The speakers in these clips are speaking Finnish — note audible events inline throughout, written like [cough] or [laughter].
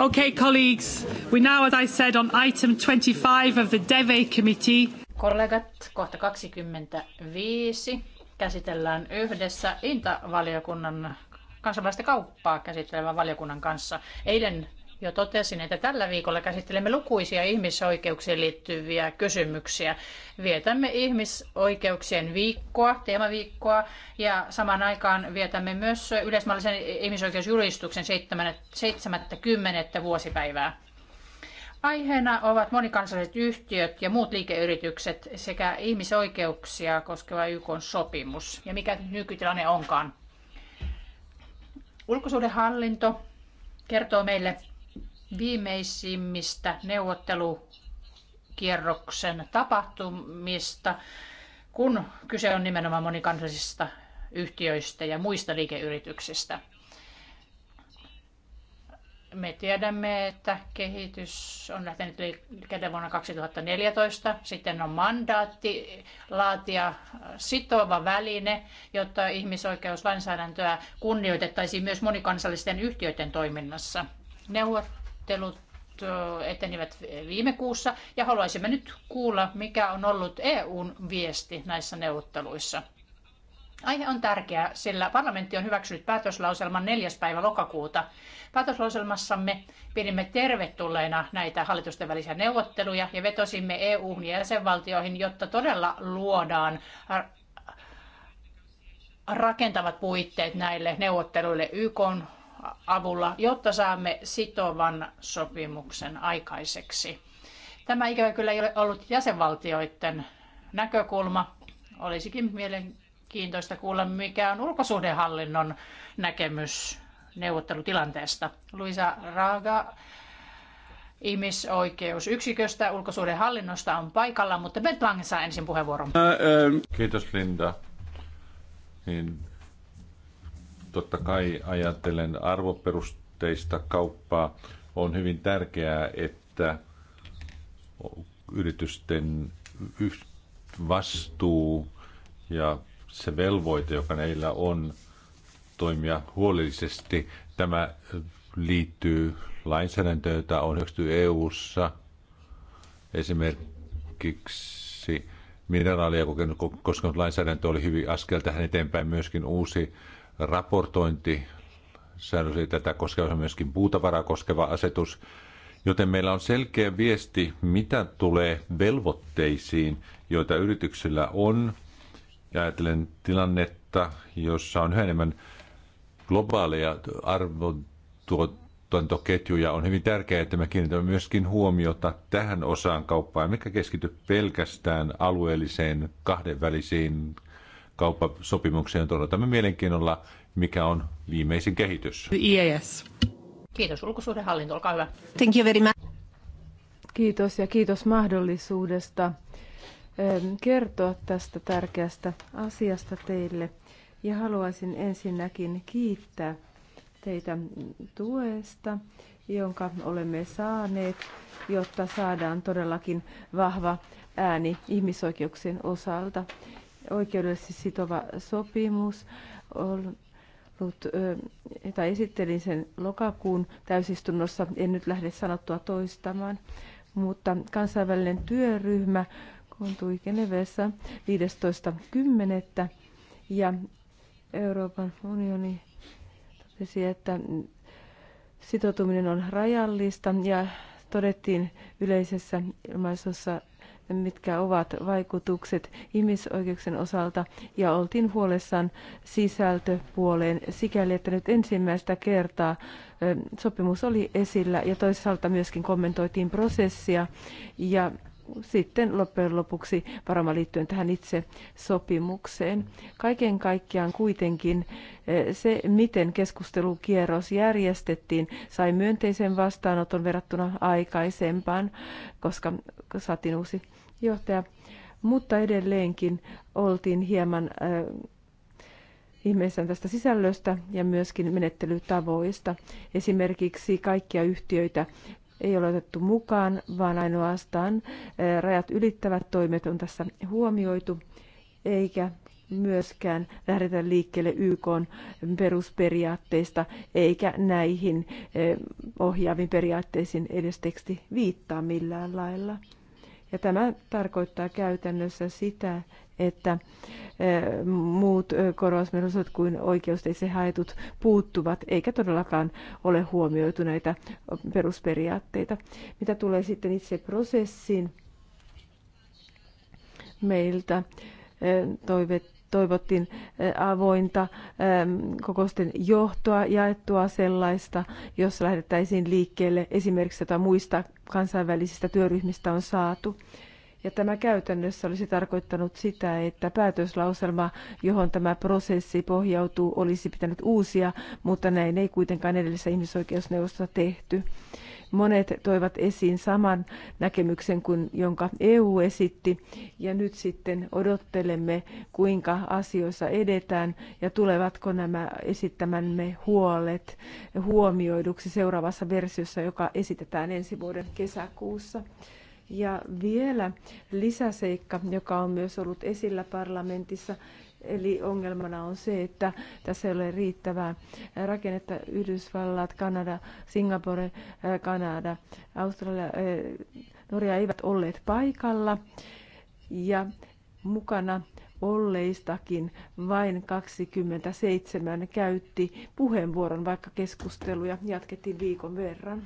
Okay, colleagues, now, as I said, on item 25 of the DEVE committee. Kollegat, kohta 25 käsitellään yhdessä Inta-valiokunnan kansainvälistä kauppaa käsittelevän valiokunnan kanssa. Eilen jo totesin, että tällä viikolla käsittelemme lukuisia ihmisoikeuksiin liittyviä kysymyksiä. Vietämme ihmisoikeuksien viikkoa, teemaviikkoa, ja samaan aikaan vietämme myös yleismallisen ihmisoikeusjulistuksen 70. vuosipäivää. Aiheena ovat monikansalliset yhtiöt ja muut liikeyritykset sekä ihmisoikeuksia koskeva YK-sopimus ja mikä nykytilanne onkaan. Ulkosuhdehallinto kertoo meille viimeisimmistä neuvottelukierroksen tapahtumista, kun kyse on nimenomaan monikansallisista yhtiöistä ja muista liikeyrityksistä. Me tiedämme, että kehitys on lähtenyt liikkeelle vuonna 2014. Sitten on mandaatti laatia sitova väline, jotta ihmisoikeuslainsäädäntöä kunnioitettaisiin myös monikansallisten yhtiöiden toiminnassa. Neuvot neuvottelut etenivät viime kuussa ja haluaisimme nyt kuulla, mikä on ollut EUn viesti näissä neuvotteluissa. Aihe on tärkeä, sillä parlamentti on hyväksynyt päätöslauselman 4. päivä lokakuuta. Päätöslauselmassamme pidimme tervetulleena näitä hallitusten välisiä neuvotteluja ja vetosimme EU-hun ja jäsenvaltioihin, jotta todella luodaan rakentavat puitteet näille neuvotteluille YK avulla, jotta saamme sitovan sopimuksen aikaiseksi. Tämä ikävä kyllä ei ole ollut jäsenvaltioiden näkökulma. Olisikin mielenkiintoista kuulla, mikä on ulkosuhdehallinnon näkemys neuvottelutilanteesta. Luisa Raaga ihmisoikeusyksiköstä ulkosuhdehallinnosta on paikalla, mutta Bent Lange saa ensin puheenvuoron. Äh, äh. Kiitos Linda. Niin Totta kai ajattelen arvoperusteista kauppaa. On hyvin tärkeää, että yritysten vastuu ja se velvoite, joka neillä on toimia huolellisesti, tämä liittyy lainsäädäntöön, jota on hyväksytty EU-ssa. Esimerkiksi mineraalia koskenut lainsäädäntö oli hyvin askel tähän eteenpäin. Myöskin uusi raportointi, säännös tätä koskeva myöskin puutavaraa koskeva asetus, joten meillä on selkeä viesti, mitä tulee velvoitteisiin, joita yrityksillä on. Ja ajattelen tilannetta, jossa on yhä enemmän globaaleja arvotuotantoketjuja, on hyvin tärkeää, että me kiinnitämme myöskin huomiota tähän osaan kauppaa, mikä keskity pelkästään alueelliseen kahdenvälisiin kauppasopimukseen. Odotamme mielenkiinnolla, mikä on viimeisin kehitys. Yes. Kiitos ulkosuhdehallinto, olkaa hyvä. Thank you very much. Kiitos ja kiitos mahdollisuudesta ehm, kertoa tästä tärkeästä asiasta teille. Ja haluaisin ensinnäkin kiittää teitä tuesta, jonka olemme saaneet, jotta saadaan todellakin vahva ääni ihmisoikeuksien osalta oikeudellisesti sitova sopimus ollut, tai esittelin sen lokakuun täysistunnossa, en nyt lähde sanottua toistamaan, mutta kansainvälinen työryhmä kontui Genevessä 15.10. ja Euroopan unioni totesi, että sitoutuminen on rajallista ja todettiin yleisessä ilmaisussa, mitkä ovat vaikutukset ihmisoikeuksien osalta, ja oltiin huolessaan sisältöpuoleen sikäli, että nyt ensimmäistä kertaa sopimus oli esillä, ja toisaalta myöskin kommentoitiin prosessia, ja sitten loppujen lopuksi varmaan liittyen tähän itse sopimukseen. Kaiken kaikkiaan kuitenkin se, miten keskustelukierros järjestettiin, sai myönteisen vastaanoton verrattuna aikaisempaan, koska saatiin uusi johtaja, mutta edelleenkin oltiin hieman äh, ihmeissään tästä sisällöstä ja myöskin menettelytavoista. Esimerkiksi kaikkia yhtiöitä ei ole otettu mukaan, vaan ainoastaan rajat ylittävät toimet on tässä huomioitu, eikä myöskään lähdetä liikkeelle YK perusperiaatteista, eikä näihin ohjaaviin periaatteisiin edes teksti viittaa millään lailla. Ja tämä tarkoittaa käytännössä sitä, että eh, muut eh, korvausmerosot kuin oikeusteitse haetut puuttuvat, eikä todellakaan ole huomioitu näitä perusperiaatteita. Mitä tulee sitten itse prosessiin meiltä, eh, toivet toivottiin eh, avointa eh, kokousten johtoa, jaettua sellaista, jossa lähdettäisiin liikkeelle esimerkiksi jota muista kansainvälisistä työryhmistä on saatu. Ja tämä käytännössä olisi tarkoittanut sitä, että päätöslauselma, johon tämä prosessi pohjautuu, olisi pitänyt uusia, mutta näin ei kuitenkaan edellisessä ihmisoikeusneuvostossa tehty. Monet toivat esiin saman näkemyksen kuin jonka EU esitti, ja nyt sitten odottelemme, kuinka asioissa edetään ja tulevatko nämä esittämämme huolet huomioiduksi seuraavassa versiossa, joka esitetään ensi vuoden kesäkuussa. Ja vielä lisäseikka, joka on myös ollut esillä parlamentissa, Eli ongelmana on se, että tässä ei ole riittävää rakennetta. Yhdysvallat, Kanada, Singapore, Kanada, Australia, Norja eivät olleet paikalla. Ja mukana olleistakin vain 27 käytti puheenvuoron, vaikka keskusteluja jatkettiin viikon verran.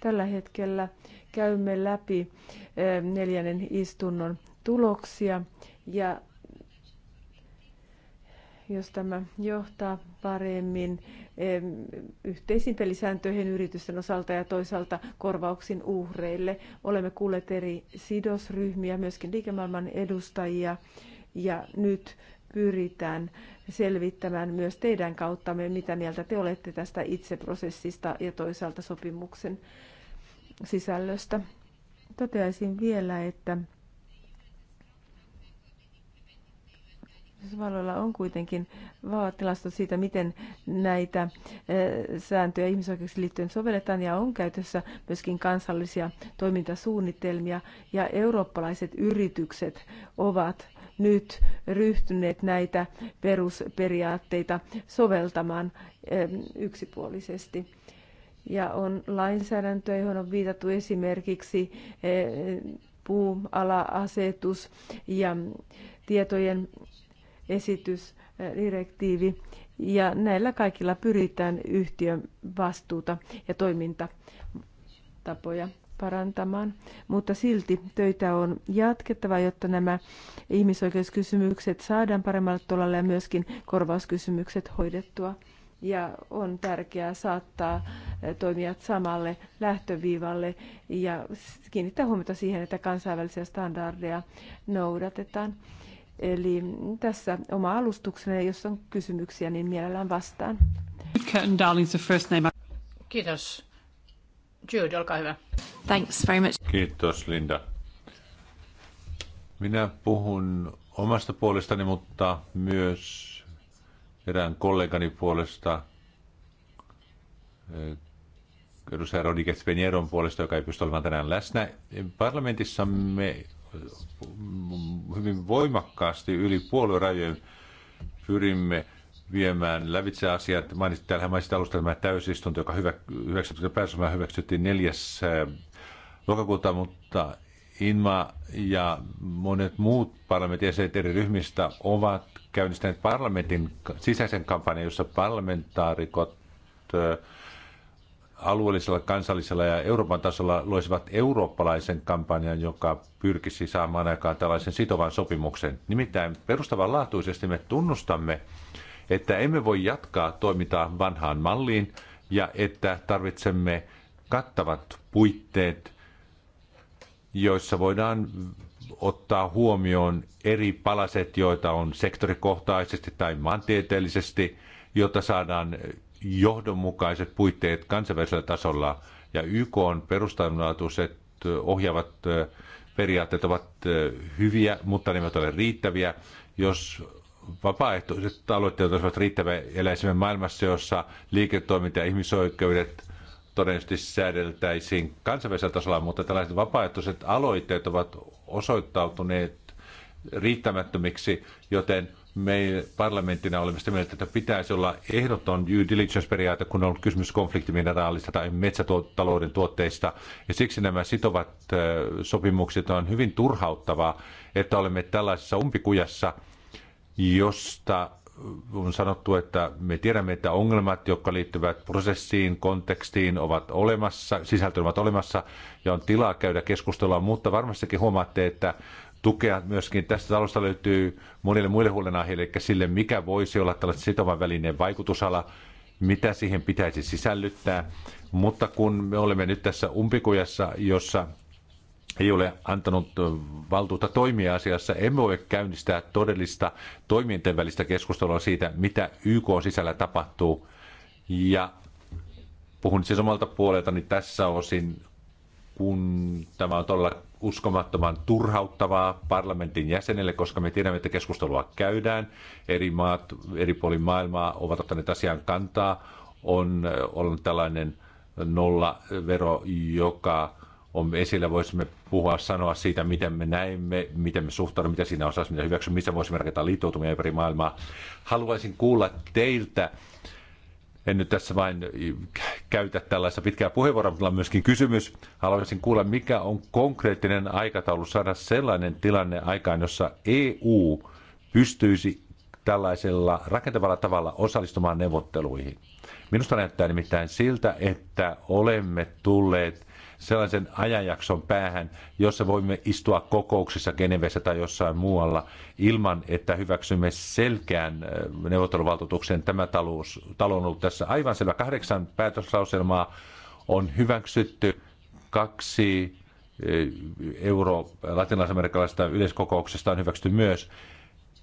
Tällä hetkellä käymme läpi neljännen istunnon tuloksia ja jos tämä johtaa paremmin yhteisiin pelisääntöihin yritysten osalta ja toisaalta korvauksin uhreille. Olemme kuulleet eri sidosryhmiä, myöskin liikemaailman edustajia, ja nyt pyritään selvittämään myös teidän kauttamme, mitä mieltä te olette tästä itseprosessista ja toisaalta sopimuksen sisällöstä. Toteaisin vielä, että Yhdysvalloilla on kuitenkin vahva tilasto siitä, miten näitä eh, sääntöjä ihmisoikeuksiin liittyen sovelletaan ja on käytössä myöskin kansallisia toimintasuunnitelmia ja eurooppalaiset yritykset ovat nyt ryhtyneet näitä perusperiaatteita soveltamaan eh, yksipuolisesti. Ja on lainsäädäntöä, johon on viitattu esimerkiksi eh, puuala-asetus ja tietojen esitys, direktiivi. Ja näillä kaikilla pyritään yhtiön vastuuta ja toimintatapoja parantamaan, mutta silti töitä on jatkettava, jotta nämä ihmisoikeuskysymykset saadaan paremmalle tolalle ja myöskin korvauskysymykset hoidettua. Ja on tärkeää saattaa toimijat samalle lähtöviivalle ja kiinnittää huomiota siihen, että kansainvälisiä standardeja noudatetaan. Eli tässä oma alustukseni, jos on kysymyksiä, niin mielellään vastaan. Kiitos. Jude, olkaa hyvä. Thanks very much. Kiitos, Linda. Minä puhun omasta puolestani, mutta myös erään kollegani puolesta, eh, edustaja Rodriguez Venieron puolesta, joka ei pysty olemaan tänään läsnä. Parlamentissa me hyvin voimakkaasti yli puoluerajojen pyrimme viemään lävitse asiaa. Mainitsit, täällä mainitsit alusta tämä täysistunto, joka hyvä, 90 hyväksyttiin 4. Äh, lokakuuta, mutta Inma ja monet muut parlamentin jäsenet eri ryhmistä ovat käynnistäneet parlamentin sisäisen kampanjan, jossa parlamentaarikot äh, alueellisella, kansallisella ja Euroopan tasolla loisivat eurooppalaisen kampanjan, joka pyrkisi saamaan aikaan tällaisen sitovan sopimuksen. Nimittäin perustavanlaatuisesti me tunnustamme, että emme voi jatkaa toimintaa vanhaan malliin ja että tarvitsemme kattavat puitteet, joissa voidaan ottaa huomioon eri palaset, joita on sektorikohtaisesti tai maantieteellisesti, jotta saadaan johdonmukaiset puitteet kansainvälisellä tasolla ja YK on perustavanlaatuiset ohjaavat periaatteet ovat hyviä, mutta ne eivät ole riittäviä. Jos vapaaehtoiset aloitteet olisivat riittäviä, eläisimme maailmassa, jossa liiketoiminta ja ihmisoikeudet todennäköisesti säädeltäisiin kansainvälisellä tasolla, mutta tällaiset vapaaehtoiset aloitteet ovat osoittautuneet riittämättömiksi, joten – me parlamenttina olemme sitä mieltä, että pitäisi olla ehdoton due diligence-periaate, kun on kysymys konfliktimineraalista tai metsätalouden tuotteista. Ja siksi nämä sitovat sopimukset on hyvin turhauttavaa, että olemme tällaisessa umpikujassa, josta on sanottu, että me tiedämme, että ongelmat, jotka liittyvät prosessiin, kontekstiin, ovat olemassa, sisältö ovat olemassa ja on tilaa käydä keskustelua, mutta varmastikin huomaatte, että tukea myöskin. Tästä talosta löytyy monille muille huolenaiheille, eli sille, mikä voisi olla tällaisen sitovan välineen vaikutusala, mitä siihen pitäisi sisällyttää. Mutta kun me olemme nyt tässä umpikujassa, jossa ei ole antanut valtuutta toimia asiassa, emme voi käynnistää todellista toimijoiden välistä keskustelua siitä, mitä YK sisällä tapahtuu. Ja puhun siis omalta puoleltani tässä osin kun tämä on todella uskomattoman turhauttavaa parlamentin jäsenille, koska me tiedämme, että keskustelua käydään. Eri maat eri puolin maailmaa ovat ottaneet asian kantaa. On äh, ollut tällainen nollavero, joka on esillä. Voisimme puhua, sanoa siitä, miten me näemme, miten me suhtaudumme, mitä siinä on mitä hyväksymme, missä voisimme rakentaa liittoutumia ympäri maailmaa. Haluaisin kuulla teiltä, en nyt tässä vain käytä tällaista pitkää puheenvuoroa, mutta on myöskin kysymys. Haluaisin kuulla, mikä on konkreettinen aikataulu saada sellainen tilanne aikaan, jossa EU pystyisi tällaisella rakentavalla tavalla osallistumaan neuvotteluihin. Minusta näyttää nimittäin siltä, että olemme tulleet sellaisen ajanjakson päähän, jossa voimme istua kokouksissa Genevessä tai jossain muualla ilman, että hyväksymme selkeän neuvotteluvaltuutuksen. Tämä talous, talo on ollut tässä aivan selvä. Kahdeksan päätöslauselmaa on hyväksytty kaksi euro latinalaisamerikkalaisesta yleiskokouksesta on hyväksytty myös.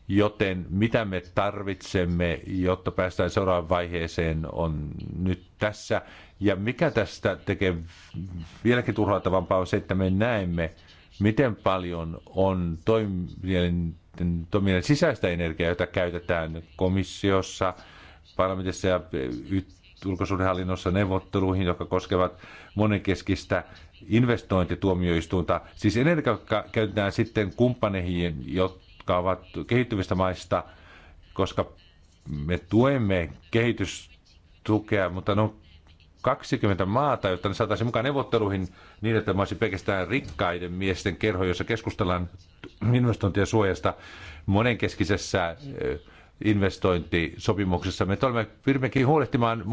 Joten mitä me tarvitsemme, jotta päästään seuraavaan vaiheeseen, on nyt tässä. Ja mikä tästä tekee vieläkin turhauttavampaa on se, että me näemme, miten paljon on toimielinten toimielin sisäistä energiaa, jota käytetään komissiossa, parlamentissa ja ulkosuhdehallinnossa neuvotteluihin, jotka koskevat monenkeskistä investointituomioistuinta. Siis energiaa käytetään sitten kumppaneihin, jotka ovat kehittyvistä maista, koska me tuemme kehitystukea, mutta ne on 20 maata, jotta ne saataisiin mukaan neuvotteluihin niin, että mä olisin pelkästään rikkaiden miesten kerho, jossa keskustellaan investointien suojasta monenkeskisessä eh, investointisopimuksessa. Me olemme pyrimmekin huolehtimaan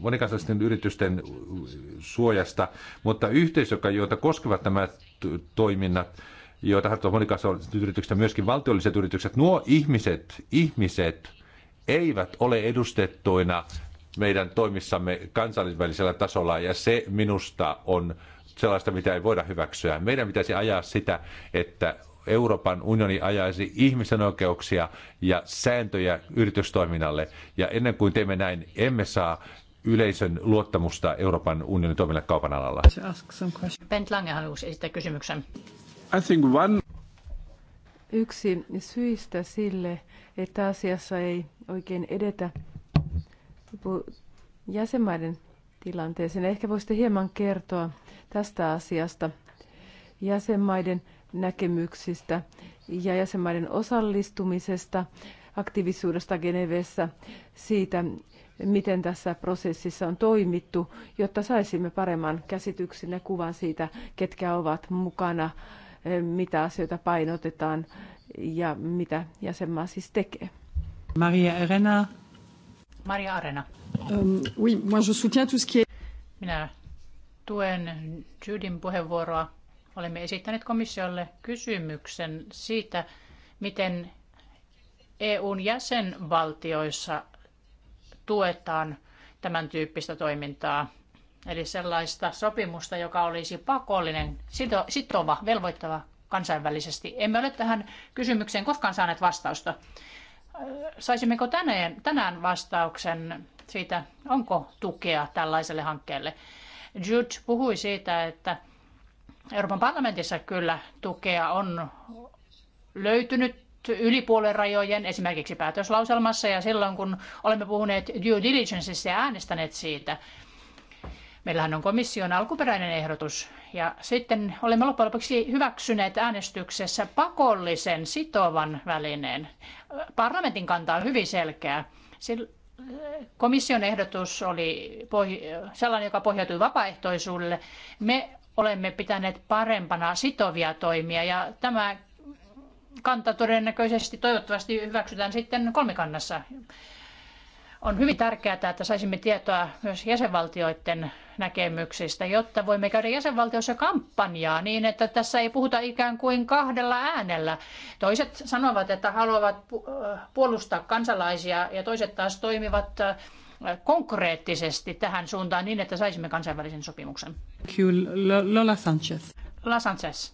monikansallisten yritysten suojasta, mutta yhteisö, joita koskevat nämä toiminnat, joita harjoittavat monikansalliset yritykset myöskin valtiolliset yritykset, nuo ihmiset, ihmiset eivät ole edustettuina meidän toimissamme kansainvälisellä tasolla ja se minusta on sellaista, mitä ei voida hyväksyä. Meidän pitäisi ajaa sitä, että Euroopan unioni ajaisi ihmisen oikeuksia ja sääntöjä yritystoiminnalle. Ja ennen kuin teemme näin, emme saa yleisön luottamusta Euroopan unionin toimille kaupan alalla. Bent Lange haluaisi esittää kysymyksen. I think one... Yksi syistä sille, että asiassa ei oikein edetä, jäsenmaiden tilanteeseen. Ehkä voisitte hieman kertoa tästä asiasta jäsenmaiden näkemyksistä ja jäsenmaiden osallistumisesta, aktiivisuudesta Genevessä, siitä, miten tässä prosessissa on toimittu, jotta saisimme paremman käsityksen ja kuvan siitä, ketkä ovat mukana, mitä asioita painotetaan ja mitä jäsenmaa siis tekee. Maria Arena. Maria Arena. Ähm, oui, moi je soutiens tout ce qui est... Minä tuen Judin puheenvuoroa. Olemme esittäneet komissiolle kysymyksen siitä, miten EUn jäsenvaltioissa tuetaan tämän tyyppistä toimintaa. Eli sellaista sopimusta, joka olisi pakollinen, sito, sitova, velvoittava kansainvälisesti. Emme ole tähän kysymykseen koskaan saaneet vastausta saisimmeko tänään, tänään vastauksen siitä, onko tukea tällaiselle hankkeelle? Jude puhui siitä, että Euroopan parlamentissa kyllä tukea on löytynyt yli rajojen, esimerkiksi päätöslauselmassa, ja silloin kun olemme puhuneet due diligenceista ja äänestäneet siitä, Meillähän on komission alkuperäinen ehdotus ja sitten olemme loppujen lopuksi hyväksyneet äänestyksessä pakollisen sitovan välineen. Parlamentin kanta on hyvin selkeä. Komission ehdotus oli sellainen, joka pohjautui vapaaehtoisuudelle. Me olemme pitäneet parempana sitovia toimia ja tämä kanta todennäköisesti toivottavasti hyväksytään sitten kolmikannassa on hyvin tärkeää, että saisimme tietoa myös jäsenvaltioiden näkemyksistä, jotta voimme käydä jäsenvaltioissa kampanjaa niin, että tässä ei puhuta ikään kuin kahdella äänellä. Toiset sanovat, että haluavat puolustaa kansalaisia ja toiset taas toimivat äh, konkreettisesti tähän suuntaan niin, että saisimme kansainvälisen sopimuksen. Lola Sanchez. Lola Sanchez.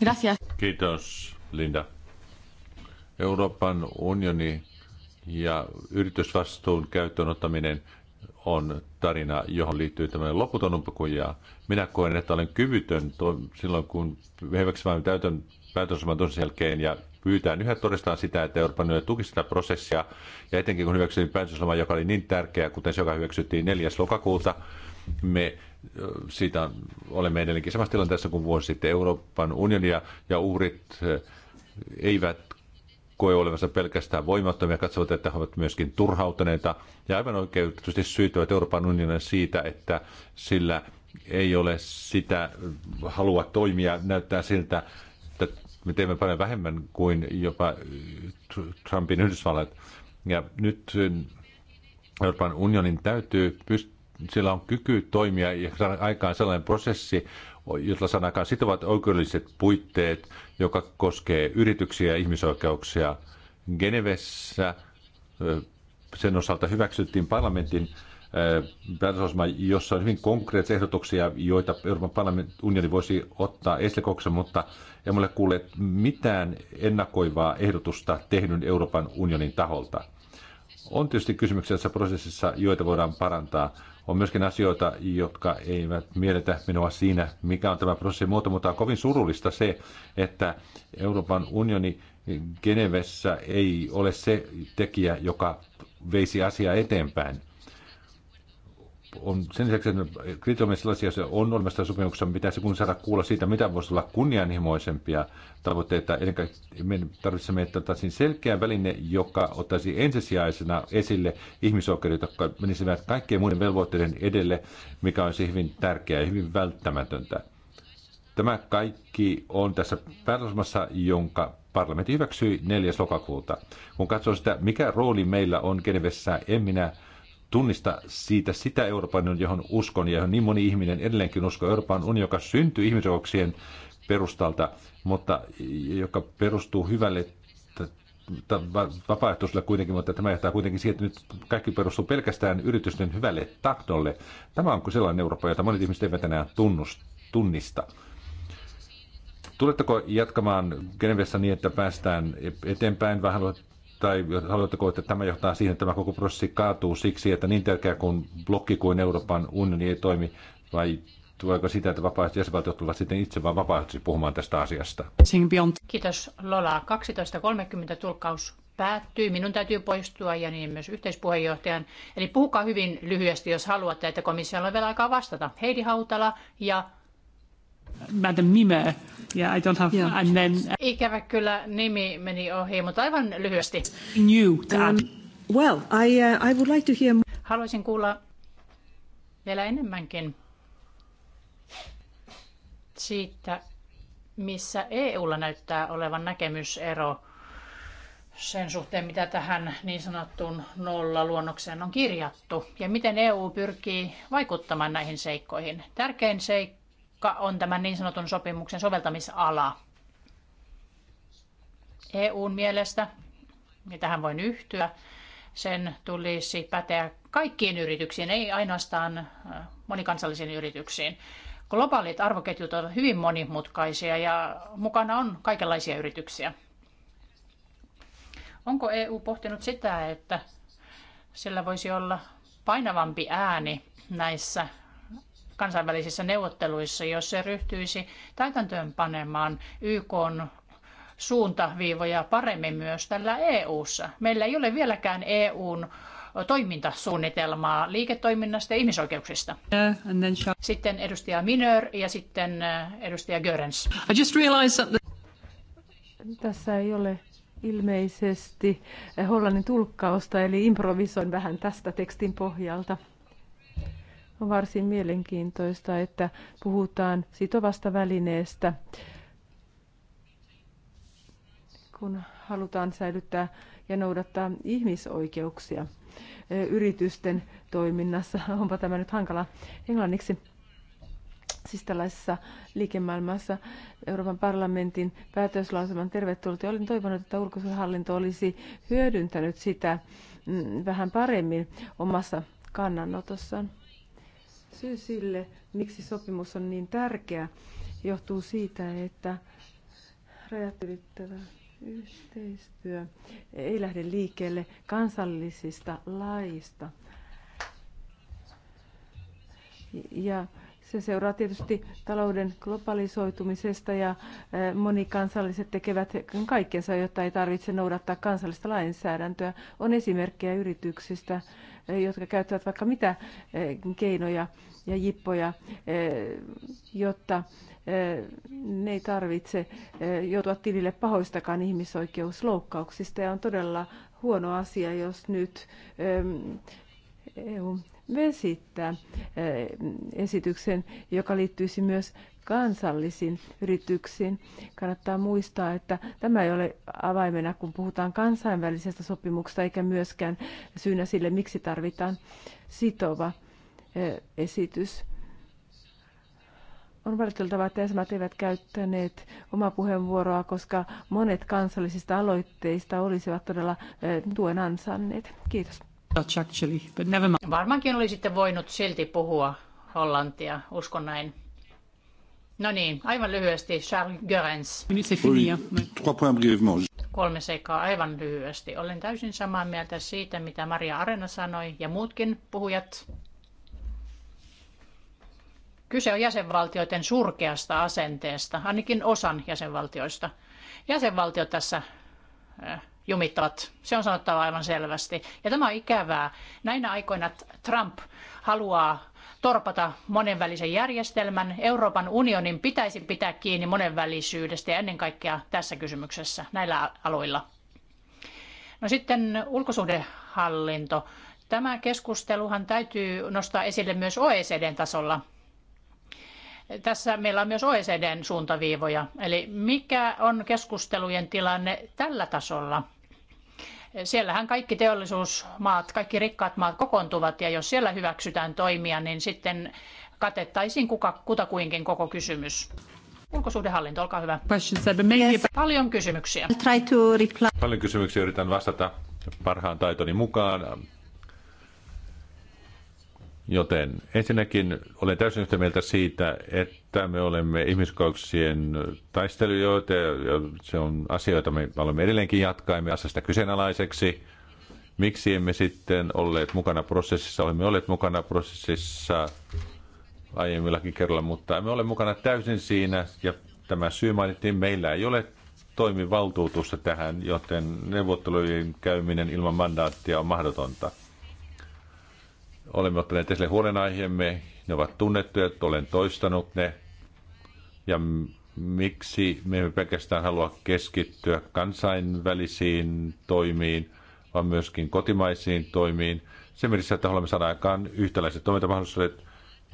Gracias. Kiitos, Linda. Euroopan unioni ja yritysvastuun käyttöön ottaminen on tarina, johon liittyy tämmöinen loputon umpikuja. Minä koen, että olen kyvytön to, silloin, kun vain täytön päätösoman toisen jälkeen ja pyytään yhä todestaan sitä, että Euroopan unioni tuki sitä prosessia. Ja etenkin kun hyväksyttiin päätösloma, joka oli niin tärkeä, kuten se, joka hyväksyttiin 4. lokakuuta, me siitä olemme edelleenkin samassa tilanteessa kuin vuosi sitten. Euroopan unionia ja uhrit eh, eivät koe olevansa pelkästään voimattomia, katsovat, että he ovat myöskin turhautuneita ja aivan oikeutetusti syytyvät Euroopan unionin siitä, että sillä ei ole sitä halua toimia. Näyttää siltä, että me teemme paljon vähemmän kuin jopa Trumpin Yhdysvallat. Ja nyt Euroopan unionin täytyy pystyä sillä on kyky toimia ja saada aikaan sellainen prosessi, jolla saadaan aikaan sitovat oikeudelliset puitteet, joka koskee yrityksiä ja ihmisoikeuksia. Genevessä sen osalta hyväksyttiin parlamentin päätösosma, jossa on hyvin konkreettisia ehdotuksia, joita Euroopan parlamentin unioni voisi ottaa esille mutta emme ole kuulleet mitään ennakoivaa ehdotusta tehdyn Euroopan unionin taholta. On tietysti kysymyksiä tässä prosessissa, joita voidaan parantaa, on myöskin asioita, jotka eivät mielletä minua siinä, mikä on tämä prosessin muoto, mutta on kovin surullista se, että Euroopan unioni Genevessä ei ole se tekijä, joka veisi asiaa eteenpäin on sen lisäksi, että kriteerejä sellaisia se on olemassa sopimuksessa, pitäisi kun saada kuulla siitä, mitä voisi olla kunnianhimoisempia tavoitteita. Eli me tarvitsemme että selkeä väline, joka ottaisi ensisijaisena esille ihmisoikeudet, jotka menisivät kaikkien muiden velvoitteiden edelle, mikä olisi hyvin tärkeää ja hyvin välttämätöntä. Tämä kaikki on tässä päätösmassa, jonka parlamentti hyväksyi 4. lokakuuta. Kun katsoo sitä, mikä rooli meillä on Genevessä, en minä tunnista siitä sitä Euroopan, johon uskon ja johon niin moni ihminen edelleenkin uskoo. Euroopan unioni, joka syntyy ihmisoikeuksien perustalta, mutta joka perustuu hyvälle vapaaehtoisella kuitenkin, mutta tämä johtaa kuitenkin siihen, että nyt kaikki perustuu pelkästään yritysten hyvälle tahdolle. Tämä on sellainen Eurooppa, jota monet ihmiset eivät enää tunnista. Tuletteko jatkamaan Genevessä niin, että päästään eteenpäin? Vähän tai haluatteko, että tämä johtaa siihen, että tämä koko prosessi kaatuu siksi, että niin tärkeä kuin blokki kuin Euroopan unioni ei toimi, vai tuleeko sitä, että vapaaehtoiset jäsenvaltiot tulevat sitten itse vaan vapaaehtoisesti puhumaan tästä asiasta? Kiitos Lola. 12.30 tulkaus päättyy. Minun täytyy poistua ja niin myös yhteispuheenjohtajan. Eli puhukaa hyvin lyhyesti, jos haluatte, että komissiolla on vielä aikaa vastata. Heidi Hautala ja Madam Mime. Yeah, I don't have, yeah. and then, uh, Ikävä kyllä nimi meni ohi, mutta aivan lyhyesti. New um, well, I, uh, I would like to hear... Haluaisin kuulla vielä enemmänkin siitä, missä EUlla näyttää olevan näkemysero sen suhteen, mitä tähän niin sanottuun nolla luonnokseen on kirjattu ja miten EU pyrkii vaikuttamaan näihin seikkoihin. Tärkein seikka on tämän niin sanotun sopimuksen soveltamisala. EUn mielestä, ja tähän voin yhtyä, sen tulisi päteä kaikkiin yrityksiin, ei ainoastaan äh, monikansallisiin yrityksiin. Globaalit arvoketjut ovat hyvin monimutkaisia ja mukana on kaikenlaisia yrityksiä. Onko EU pohtinut sitä, että sillä voisi olla painavampi ääni näissä kansainvälisissä neuvotteluissa, jos se ryhtyisi täytäntöönpanemaan YK suuntaviivoja paremmin myös tällä EU:ssa. Meillä ei ole vieläkään EUn toimintasuunnitelmaa liiketoiminnasta ja ihmisoikeuksista. Sitten edustaja Minör ja sitten eh, edustaja Görens. Tässä ei ole ilmeisesti hollannin tulkkausta, eli improvisoin vähän tästä tekstin pohjalta. On varsin mielenkiintoista, että puhutaan sitovasta välineestä, kun halutaan säilyttää ja noudattaa ihmisoikeuksia yritysten toiminnassa. [laughs] Onpa tämä nyt hankala englanniksi. Siis tällaisessa liikemaailmassa Euroopan parlamentin päätöslauselman tervetullut. Ja olin toivonut, että ulkoisuushallinto olisi hyödyntänyt sitä mm, vähän paremmin omassa kannanotossaan. Syy sille, miksi sopimus on niin tärkeä, johtuu siitä, että rajat ylittävä yhteistyö ei lähde liikkeelle kansallisista laista. Ja se seuraa tietysti talouden globalisoitumisesta ja monikansalliset tekevät kaikkensa, jotta ei tarvitse noudattaa kansallista lainsäädäntöä. On esimerkkejä yrityksistä, Eh, jotka käyttävät vaikka mitä eh, keinoja ja jippoja, eh, jotta ne ei tarvitse joutua tilille pahoistakaan ihmisoikeusloukkauksista. Ja on todella huono asia, jos nyt EU e vesittää esityksen, joka liittyisi myös kansallisiin yrityksiin. Kannattaa muistaa, että tämä ei ole avaimena, kun puhutaan kansainvälisestä sopimuksesta, eikä myöskään syynä sille, miksi tarvitaan sitova eh, esitys. On valiteltavaa, että esimerkiksi eivät käyttäneet omaa puheenvuoroa, koska monet kansallisista aloitteista olisivat todella eh, tuen ansanneet. Kiitos. Varmaankin olisitte voinut silti puhua hollantia, uskon näin. No niin, aivan lyhyesti, Charles Görens. Kolme seikkaa aivan lyhyesti. Olen täysin samaa mieltä siitä, mitä Maria Arena sanoi ja muutkin puhujat. Kyse on jäsenvaltioiden surkeasta asenteesta, ainakin osan jäsenvaltioista. Jäsenvaltiot tässä äh, jumittavat. Se on sanottava aivan selvästi. Ja tämä on ikävää. Näinä aikoina Trump haluaa torpata monenvälisen järjestelmän. Euroopan unionin pitäisi pitää kiinni monenvälisyydestä ja ennen kaikkea tässä kysymyksessä näillä aloilla. No sitten ulkosuhdehallinto. Tämä keskusteluhan täytyy nostaa esille myös OECDn tasolla. Tässä meillä on myös OECDn suuntaviivoja. Eli mikä on keskustelujen tilanne tällä tasolla? Siellähän kaikki teollisuusmaat, kaikki rikkaat maat kokoontuvat ja jos siellä hyväksytään toimia, niin sitten katettaisiin kuka, kutakuinkin koko kysymys. Ulkosuhdehallinto, olkaa hyvä. Paljon kysymyksiä. Paljon kysymyksiä yritän vastata parhaan taitoni mukaan. Joten ensinnäkin olen täysin yhtä mieltä siitä, että me olemme ihmisoikeuksien taistelijoita ja se on asioita, me olemme edelleenkin jatkaimme asiasta kyseenalaiseksi. Miksi emme sitten olleet mukana prosessissa? Olemme olleet mukana prosessissa aiemmillakin kerralla, mutta emme ole mukana täysin siinä ja tämä syy mainittiin, meillä ei ole toimivaltuutusta tähän, joten neuvottelujen käyminen ilman mandaattia on mahdotonta. Olemme ottaneet esille huolenaiheemme, ne ovat tunnettuja, olen toistanut ne. Ja miksi me emme pelkästään halua keskittyä kansainvälisiin toimiin, vaan myöskin kotimaisiin toimiin. Se merkitsee, että haluamme saada aikaan yhtäläiset toimintamahdollisuudet,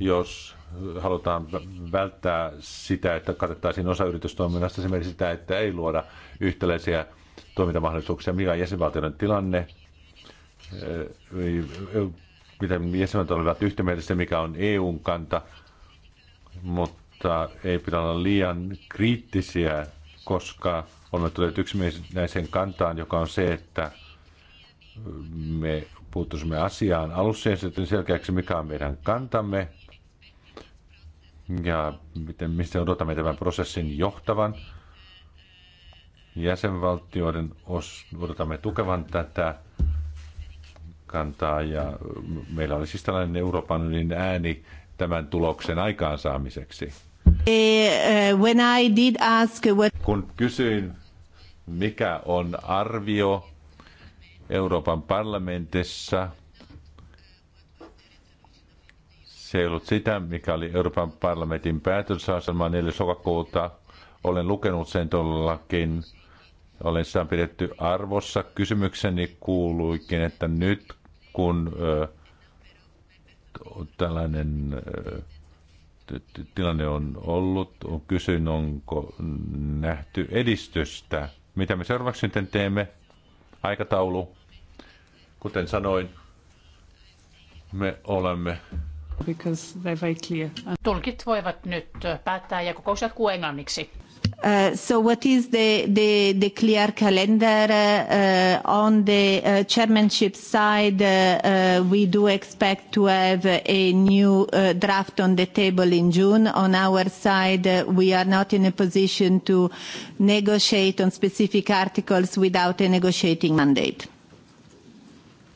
jos halutaan välttää sitä, että katettaisiin osa yritystoiminnasta, se merkitsee sitä, että ei luoda yhtäläisiä toimintamahdollisuuksia, mikä on jäsenvaltioiden tilanne mitä jäsenet olivat yhtä mieltä mikä on EUn kanta, mutta ei pidä olla liian kriittisiä, koska olemme tulleet yksimielisen kantaan, joka on se, että me puuttuisimme asiaan alussa ja sitten selkeäksi, mikä on meidän kantamme ja miten, mistä odotamme tämän prosessin johtavan. Jäsenvaltioiden os, odotamme tukevan tätä kantaa ja meillä oli siis tällainen Euroopan unionin ääni tämän tuloksen aikaansaamiseksi. Eh, eh, when I did ask what... Kun kysyin, mikä on arvio Euroopan parlamentissa, se ei ollut sitä, mikä oli Euroopan parlamentin päätösasema 4. lokakuuta. Olen lukenut sen todellakin. Olen sitä pidetty arvossa. Kysymykseni kuuluikin, että nyt kun tällainen tilanne on ollut. Kysyn, onko nähty edistystä. Mitä me seuraavaksi sitten teemme? Aikataulu. Kuten sanoin, me olemme Tulkit voivat nyt päättää ja kokousjat englanniksi. Uh, so what is the, the, the clear calendar? Uh, on the uh, chairmanship side, uh, uh, we do expect to have a new draft on the table in June. On our side, we are not in a position to negotiate on specific articles without a negotiating mandate.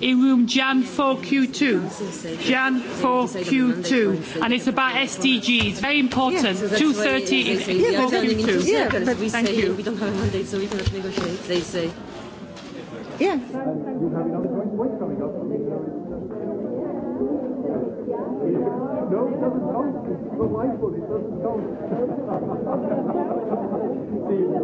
in room Jan 4Q2. Jan 4Q2. And it's about SDGs. Very important. Yeah, so 2.30 yeah, 4Q2. Yeah, but we thank say, you. We don't have a mandate, so we cannot negotiate, they say. Yeah. No, [laughs]